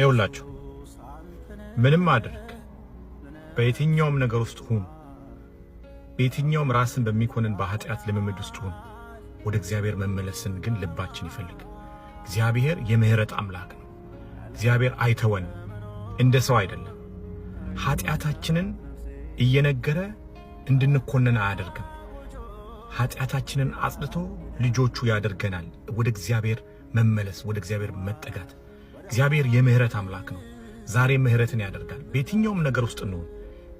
ይውላችሁ ምንም አድርግ፣ በየትኛውም ነገር ውስጥ ሁን፣ በየትኛውም ራስን በሚኮንን በኃጢአት ልምምድ ውስጥ ሁን፣ ወደ እግዚአብሔር መመለስን ግን ልባችን ይፈልግ። እግዚአብሔር የምህረት አምላክ ነው። እግዚአብሔር አይተወን፣ እንደ ሰው አይደለም። ኃጢአታችንን እየነገረ እንድንኮነን አያደርግም። ኃጢአታችንን አጽድቶ ልጆቹ ያደርገናል። ወደ እግዚአብሔር መመለስ፣ ወደ እግዚአብሔር መጠጋት እግዚአብሔር የምህረት አምላክ ነው። ዛሬ ምህረትን ያደርጋል። በየትኛውም ነገር ውስጥ እንሆን፣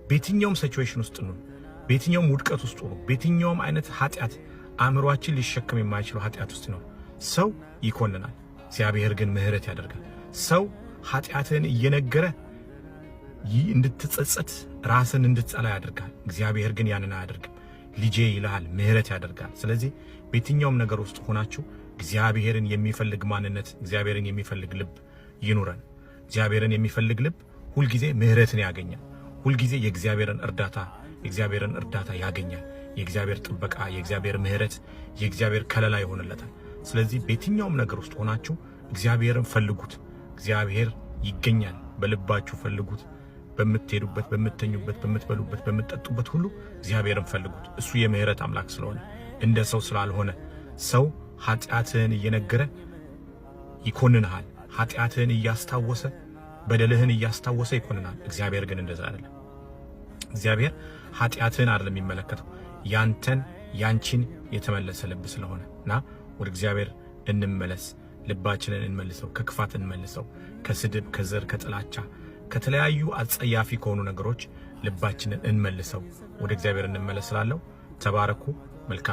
በየትኛውም ሲቹዌሽን ውስጥ እንሆን፣ በየትኛውም ውድቀት ውስጥ ሆኖ፣ በየትኛውም አይነት ኃጢአት አእምሯችን ሊሸከም የማይችለው ኃጢአት ውስጥ ነው ሰው ይኮንናል። እግዚአብሔር ግን ምህረት ያደርጋል። ሰው ኃጢአትህን እየነገረ እንድትጸጸት ራስን እንድትጸላ ያደርጋል። እግዚአብሔር ግን ያንን አያደርግም። ልጄ ይልሃል፣ ምህረት ያደርጋል። ስለዚህ በየትኛውም ነገር ውስጥ ሆናችሁ እግዚአብሔርን የሚፈልግ ማንነት፣ እግዚአብሔርን የሚፈልግ ልብ ይኑረን። እግዚአብሔርን የሚፈልግ ልብ ሁልጊዜ ምሕረትን ያገኛል። ሁልጊዜ የእግዚአብሔርን እርዳታ የእግዚአብሔርን እርዳታ ያገኛል። የእግዚአብሔር ጥበቃ፣ የእግዚአብሔር ምሕረት፣ የእግዚአብሔር ከለላ ይሆንለታል። ስለዚህ በየትኛውም ነገር ውስጥ ሆናችሁ እግዚአብሔርን ፈልጉት። እግዚአብሔር ይገኛል። በልባችሁ ፈልጉት። በምትሄዱበት፣ በምተኙበት፣ በምትበሉበት፣ በምትጠጡበት ሁሉ እግዚአብሔርን ፈልጉት። እሱ የምህረት አምላክ ስለሆነ እንደ ሰው ስላልሆነ ሰው ኃጢአትህን እየነገረ ይኮንንሃል። ኃጢአትህን እያስታወሰ በደልህን እያስታወሰ ይኮንናል። እግዚአብሔር ግን እንደዛ አይደለም። እግዚአብሔር ኃጢአትህን አይደለም የሚመለከተው ያንተን ያንቺን የተመለሰ ልብ ስለሆነ እና ወደ እግዚአብሔር እንመለስ። ልባችንን እንመልሰው፣ ከክፋት እንመልሰው፣ ከስድብ፣ ከዘር፣ ከጥላቻ፣ ከተለያዩ አጸያፊ ከሆኑ ነገሮች ልባችንን እንመልሰው። ወደ እግዚአብሔር እንመለስ ስላለው ተባረኩ። መልካም